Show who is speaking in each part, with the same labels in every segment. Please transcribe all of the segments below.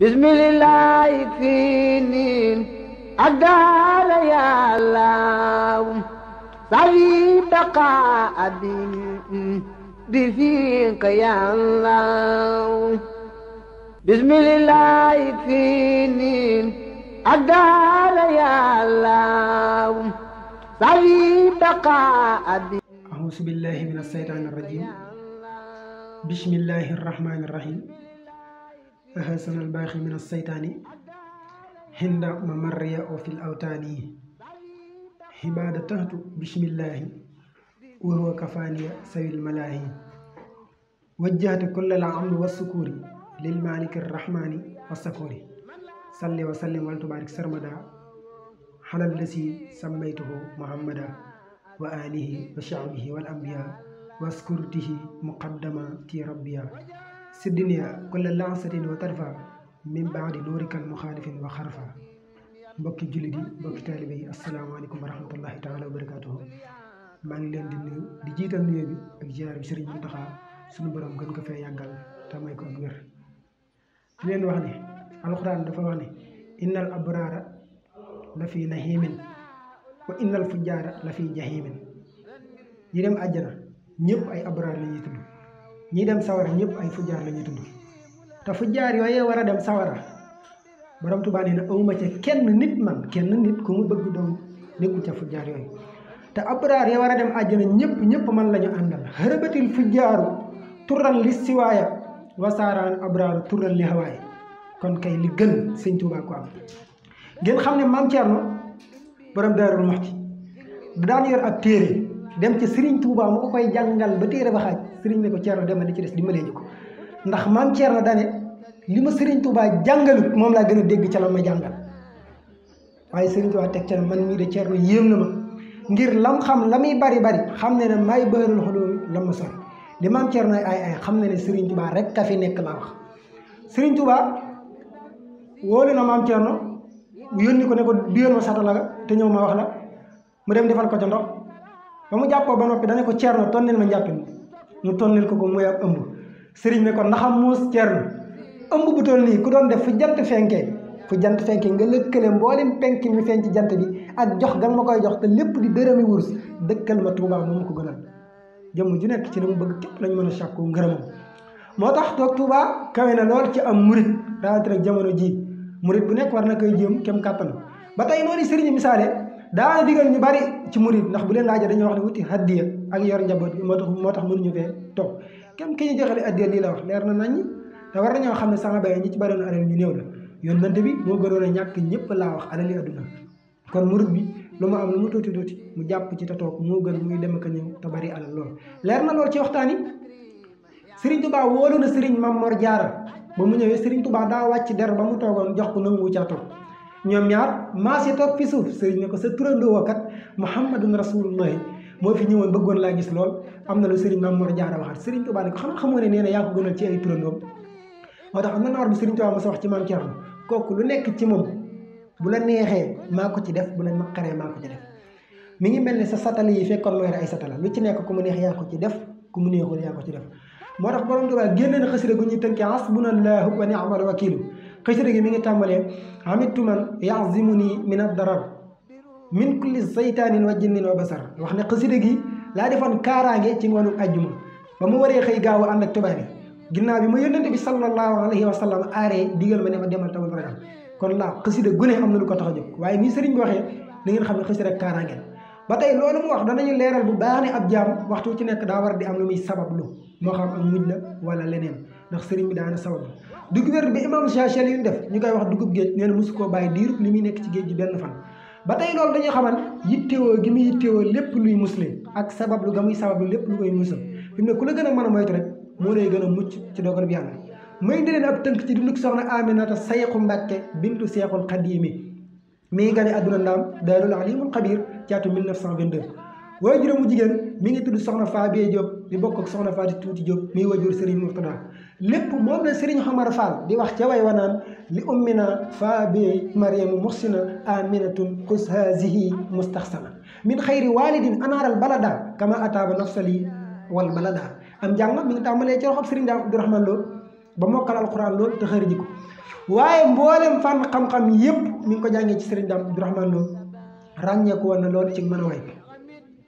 Speaker 1: bismillaahi fii niin ak daala yàllaaw sawi baqa abin bi fiika yàllaaw bismillaahi fii niin ak daala yàllaaw sawi baqa abin auzu billaahi min asseytaani arrajim bismillaahi arrahmaani arrahim hasan albaaxi min asseytaani hinda mamarriya o fil awtaani hibaada tahtu bismillahi wa huwa kafaaniya sawil malaahi wajjahte kulla al amri wassukuuri lil maaliki arrahmaani wassakuuri salli wa sallim wal tubaarik sarmada halal lasi sammaytuhu muhammada wa alihi wa shaabihi wal ambiya waskurtihi muqaddama ti rabbiya si dunia kulla lansatin wa tarfa min baadi nuurikal muxaalifin wa xarfa mbokki jullit yi mbokki taalibe yi asalaamaaleykum wa rahmatullahi taala wa barakaatuhu maa ngi leen di nuyu di jiital nuyoo bi ak ziar bi sëriñ Muntaxa suñu borom gën ko fee yàggal leen wax ne alxuraan dafa wax ne innal abraara la fi nahimin wa innal fujjaara la fi jahimin ñi ñëpp ay abraar la ñuy ñi dem sawara ñëpp ay fujjaar la ñuy tudd te fujjaar yooyee war a dem sawara borom Tuubaa nee na awuma ca kenn nit man kenn nit ku mu bëgg doon nekkul ca fujjaar yooyu te abraar ya war a dem àjjana ñëpp ñëpp man la ñu àndal xërëbatil fujjaaru turan li siwaaya wasaaraan abraaru turan li hawaay kon kay li gën sëñ Tuubaa ko am ngeen xam ne maam Thierno borom Daarul Muxti daan yor ab téere dem ci Sëriñ Tuubaa mu ko koy jàngal ba téere ba xaaj sëriñ ne ko Thierno demal li ci des ma ñu ko ndax maam Thierno dane li ma sëriñ Touba jàngalut moom laa gën a dégg ca la ma jàngal waaye sëriñ Touba te ca man mii de Thierno yéem na ma ngir lam xam la muy bari bari xam ne ne may bëral la ma sori li maam Thierno ay ay xam ne ne sëriñ Touba rek ka fi nekk laa wax sëriñ Touba wóolu na maam Thierno yónni ko ko duyal ma satala ga te ñëw ma wax la mu dem defal ko ca ndox ba mu jàppoo ba noppi dane ko Thierno tonnel ma njàppin ñu tonnil ko ko muy ab ëmb sëriñ ne ko ndaxam muus ceerno ëmb bu toll nii ku doon def fu jant fenkee fu jant fenkee nga lëkkale mboolem penk mi feeñ ci jant bi ak jox gan ma koy jox te lépp di dërëmi wurus dëkkal ma Tuubaa moom mu ko gënal jëmm ji nekk ci li mu bëgg képp lañ mën a sàkku ngërëmam moo tax toog Tuubaa kawe na lool ci am murit rawatina ak jamono ji murit bu nekk war na koy jéem kem kattana ba tey noonu sëriñ misaale daa digal ñu bari ci murit ndax bu leen laajee dañuy wax ne wuti haddiya ak yor njaboot bi moo tax moo tax mënuñu fee toog kenn ki ñu joxale addiya lii la wax leer na nañ te war nañoo xam ne sanga baye ñi ci bari woon alal ñu néew la yónnante bi moo gënoon a ñàkk ñëpp laa wax alali adduna kon murid bi lu ma am lu mu tuuti tuuti mu jàpp ci te toog moo gën dem ak a ñëw te bari alal leer na lool ci waxtaan yi Serigne Touba wóolu na Serigne Mame Mor Diarra ba mu ñëwee Serigne Touba daa wàcc der ba mu toogoon jox ko nangu caa toog ñoom ñaar maas yi toog fi suuf Serigne ne ko sa turandoo kat Muhammadun Rasulullahi moo fi ñëwoon bëggoon laa gis lool am na lu Serigne Mame Mor Diarra waxaat Serigne Touba ne ko xamoo ne nee yaa ko gënal ci ay turandoom moo tax am na naar bu Serigne Touba ma sa wax nekk ci bu la neexee maa ko ci def bu la naqaree maa ko ci ngi mel ne sa satala yi fekkoon mooy ay satala lu ci nekk ku mu neex yaa ko ci def ku mu neexul yaa ko ci def moo tax borom Touba génne na xasida gu ñuy tënkee hasbunallahu wa ni'mal wakilu xasida gi mi ngi tàmbalee amittu man yazimu nii min ad darar min kulli saytaanin wa jinnin wa basar wax ne xasida gi laa defoon kaaraange ci ngoonu ajjuma ba mu waree xëy gaaw a ànd ak tubaab yi bi ma yónnante bi sallallahu alayhi wa sallam aaree digal ma ne ma demal tawul ragal kon laa xasida gune am na lu ko tax a jóg waaye nii sëriñ bi waxee na ngeen xam ne xasida kaaraange ba tey loolu mu wax ñu leeral bu baax ne ab jaam waxtu ci nekk daa war bi am lu muy sabablu moo xam ak mujj la wala leneen ndax sëriñ bi daana sabablu dugub bi imam Shachal yu def ñu koy wax dugub géej nee na mosu koo bàyyi diirub li muy nekk ci géej gi benn fan ba tey loolu dañuy xamal yittewoo gi muy yittewoo lépp luy muslim ak sabab lu ga muy sabab lu lépp lu koy musal fi mu ne ku la gën a mën a moytu rek moo lay gën a mucc ci dogal bi yàlla may di leen ab tënk ci dunduk soxna Aminata Sayxu Mbàkke bintu Seexul Xadiimi mi ngi gane àdduna ndaam daalul alimul xabiir ci atum 1922 waajuram mu jigéen mi ngi tudd soxna Faabie Diop di bokk ak soxna Faati Tuuti Diop mi ngi wajur Serigne Mourtada lépp moom la Serigne Omar Fall di wax ca way wanaan li ummina fa bi mariamu muxsina aminatun xus hazihi mustaxsana min xayri walidin anaaral balada kama ataaba nafsali wal balada am njàng mi ngi tàmbalee ci loxob Serigne Daam Abdourahmane Lo ba mokkal alquran lool te xëri ji ko waaye mboolem fan xam-xam yëpp mi ngi ko jàngee ci Serigne Daam Abdourahmane Lo ràññeeku woon na loolu ci mën a way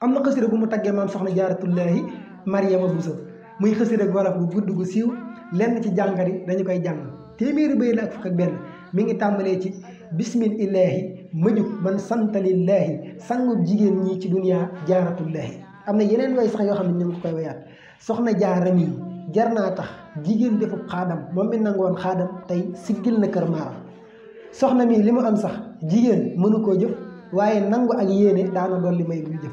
Speaker 1: am na xasida bu mu taggee maam soxna jaaratullahi mariama busa muy xasida ak wolof bu gudd gu siiw lenn ci jàngat yi dañu koy jàng téeméeri bay la ak fukk ak benn mi ngi tàmbalee ci bismillaahi mëjug man santalillaahi sangub jigéen ñi ci duniyaa jaaratullaahi am na yeneen way sax yoo xam ne ñu ngi koy wayaat soxna jaara yi jar naa tax jigéen defub xaadam moom mi nangoon xaadam tey si siggil na kër maaram soxna mii li mu am sax jigéen mënu koo jëf waaye nangu ak yéene daana dolli may buy jëf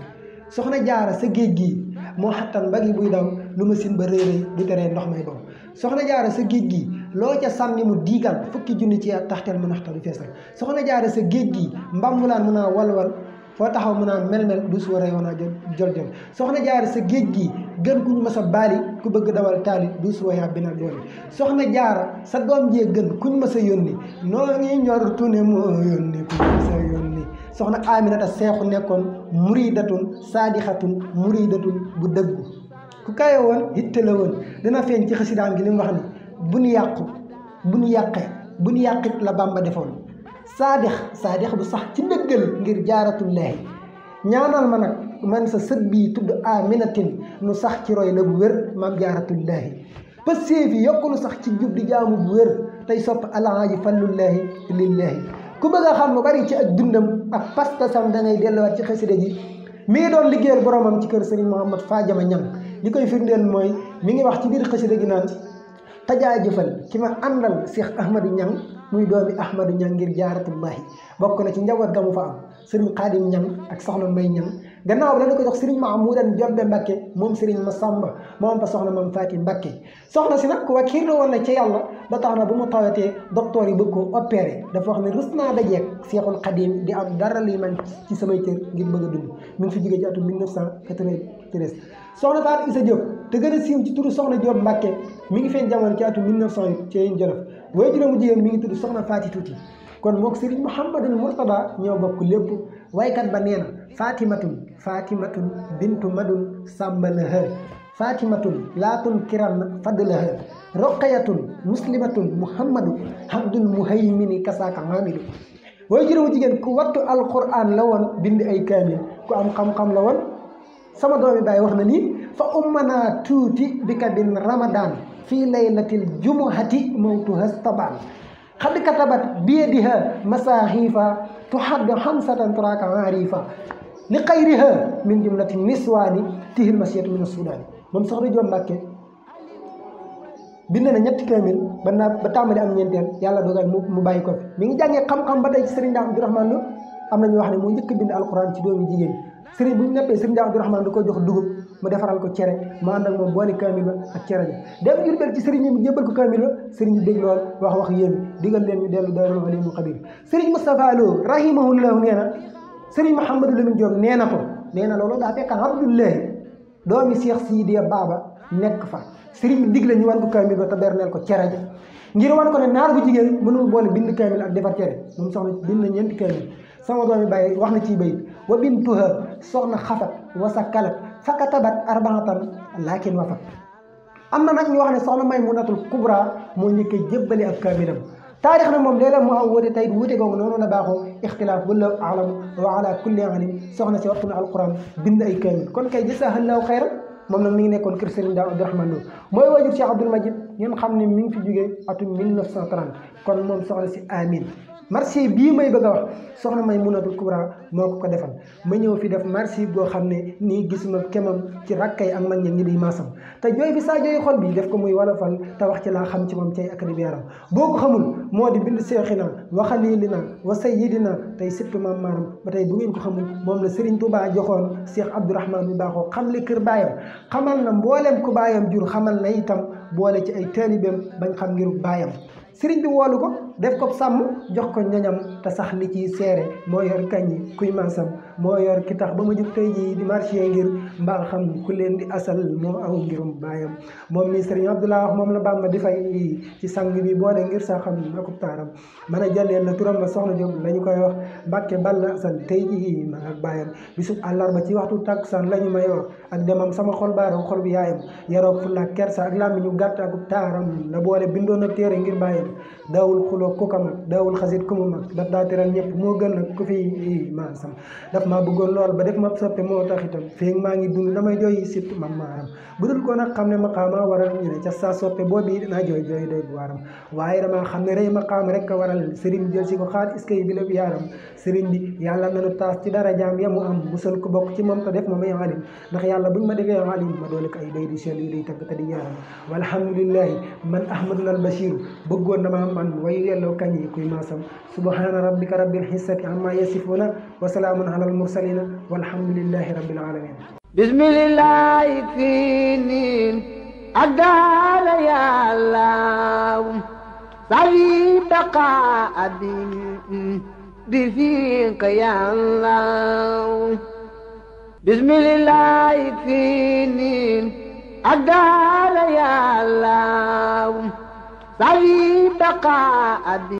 Speaker 1: soxna jaara sa géej gi moo xattan mbagi buy daw lu ma sin ba rëy rëy du teree ndox may boobu soxna jaara sa géej gi loo ca sànni mu diigal fukki junni ci taxteel mu naxtal du fees rek soxna jaara sa géej gi mbambulaan mun a walwal foo taxaw mun a mel-mel du suwa reyoon a jol jol soxna jaara sa géej gi gën ku ñu mës a baali ku bëgg dawal taali du suwa yaa bina doole soxna jaara sa doom jee gën ku ñu mës a yónni noo ngi ñor tune moo yónni ku ñu mës a yónni soxna Aminata seexu nekkoon muridatun saadixatun muridatun bu dëggu ku kawe woon yitte la woon dina feeñ ci xasidaam gi li mu wax ni bu nu yàqu bu nu yàqee bu nu yàqit la bamba defoon saadix saadix bu sax ci ndëggal ngir jaaratullaahi ñaanal ma nag man sa sët bii tudd aminatin nu sax ci roy la bu wér maam jaaratullaahi pëssee fi yokk nu sax ci jub di jaamu bu wér tey sopp alhaaji fallullaahi lillaahi ku bëgg a xam lu bari ci ak dundam ak pastasam da ngay delluwaat ci xasida ji mi ngi doon liggéeyal boromam ci kër Serigne Mouhamad Fadiama ñam li koy firndeel mooy mi ngi wax ci biir xasida gi naan tajaajëfal ki ma àndal Cheikh Ahmadou Niang muy doomi Ahmadou Niang ngir jaaratullahi bokk na ci njaboot ga fa am Serigne Khadim Niang ak soxna May Niang gannaaw la na ko jox Serigne Mahmoudan Jobbe Mbacke moom Serigne Massamba moom fa soxna Mame Fatim Mbacke soxna si nag wakiir la woon na ci yàlla ba tax na bu mu tawatee docteur yi bëgg ko opéré dafa wax ne rus naa dajeeg Cheikhul Khadim di am dara li man ci samay cër ngir bëgg a dund mi ngi fi jógee ci atum 1993 soxna Fatou Issa Diop te gën a siiw ci turu soxna Diop Mbacke mi ngi feeñ jamono ci atu 1900 ci yéen Jolof waaye juróomu jigéen mi ngi tudd soxna Faati Tuuti kon mook Sëriñ Mouhamadul Mourtada ñoo bokk lépp waykat ba nee na fatimatun fatimatun bintu madun sàmbalaha fatimatun laatun kiran fadlaha roqayatun muslimatun muhammadu abdul muhaymini kasaaka maamidu waaye juróomu jigéen ku wattu alquran la woon bind ay kaamil ku am xam-xam la woon sama doomi baay wax na lii fa ummana tuuti bi kabin ramadan fii laylatil jumuhati mawtuha staban xad katabat biyadiha masaxifa tuhaddu xamsatan turaka arifa li xayriha min jumlati niswaani tihil masiyatu min sudaani moom soxna Jóob Mbàkke bind na ñetti kaamil ba naa ba tàmbali am ñeenteel yàlla dogal mu mu bàyyi ko fi mi ngi jàngee xam-xam ba tey ci sëriñ Abdu Rahmaan am na ñu wax ne moo njëkk bind alquran ci doomi jigéen sëriñ bu ñu neppee sëriñ Abdou Rahman da koy jox dugub mu defaral ko cere ma ànd ak moom boole kaamil ba ak cere ja dem Jurbel ci sëriñ bi jébbal ko kaamil ba sëriñ bi dégg lool wax wax yéen digal leen ñu dellu Daarul Aliimul Xabiir sëriñ Moustapha Lo rahimahullahu nee na sëriñ Mouhamadou Lamine Diop nee na ko nee na loolu daa fekk Abdoulaye doomi Cheikh Sidiya Baba nekk fa sëriñ bi digle ñu wan ko kaamil ba te berneel ko cere ja ngir wan ko ne naar bu jigéen mënul boole bind kaamil ak defar cere moom soxna bind na ñeenti kaamil sama doomi bàyyi wax na ciy bay wa bintuha soxna xafat wasa kalat fakatabat arbaatan laakin wafat am na nag ñu wax ne soxna Maymunatul Kubra moo njëkk a jébbali ab kaamilam taarix na moom léeg-léeg moo am wute tayit wute googu noonu la baaxoo ixtilaaf wallahu alam wa ala kulli alim soxna si waxtu na alquran bind ay kaamil kon kay jazaahallahu xayran moom nag mi ngi nekkoon kër Serigne Daam Abdourahmane Lo mooy waajur Cheikh Abdoul Majid ngeen xam ne mi ngi fi jógee atum 1930 kon moom soxla si amin marché bii may bëgg a wax soxna may munatul kubra moo ko ko defal ma ñëw fi def marché boo xam ne nii gisuma kemam ci rakk rakkay am mag ñi ñi di maasam te jooy bi saa jooy xol bi def ko muy walafal te wax ci laa xam ci moom cay ak yaram boo ko xamul moo di bind seexi na na wa na tey sëpp maam maaram ba tey bu ngeen ko xamul moom la Serigne Touba joxoon Cheikh Abdourahman bu baaxoo xam li kër baayam xamal na mbooleem ku baayam jur xamal na itam boole ci ay taalibeem bañ xam ngir baayam Serigne bi woolu ko def ko sàmm jox koñ ñañam te sax li ciy seere moo yor kañi kuy maasam moo yor ki tax ba ma jóg tey jii di marché ngir mbaa xam ku leen di asal moo aw ngirum baayam moom mi sëriñ Abdoulaye wax moom la Bàmba di fay ci sang bi boole ngir saa xam ak taaram man a jëlee la turam ma soxna la ñu koy wax Mbàkke balla asal tey jii ma ak baayam bisub àllarba ci waxtu takkusaan la ñu may wax ak demam sama xol baaraw xol bi yaayam yaroog fulla ak kersa ak ñu gàtt ak taaram la boole bindoon na téere ngir baayam daawul xuloo ku ko mag daawul xasit ku mu daf daa teral ñëpp moo gën nag ku fi maasam daf maa bëggoon lool ba def ma soppe moo tax itam fii maa ngi dund damay jooy sitt mam maaram bu dul ko nag xam ne maqaama waral ñu ne ca xam ne rey maqaam rek a waral sëriñ bi jël si ko xaar iskay bi lépp yaaram sëriñ bi yàlla nanu taas ci dara jaam yamu am musal ko bokk ci moom te def ma may alim ndax yàlla buñ ma defee alim ma doole ko ay di seen yu day tagg di yaaram walhamdulillahi man ahmadul al bashir man wayu yelloo kañi kuy maasam subhaana rabbika rabbil xissati amma yasifuuna wa salaamun ala almursalina walhamdulillahi rabbil alamin bismillahi fiinin addaala yàllaw sawi baqa abin bi fiika yàllaw bismillahi fiinin addaala yàllaw سعيد قاعد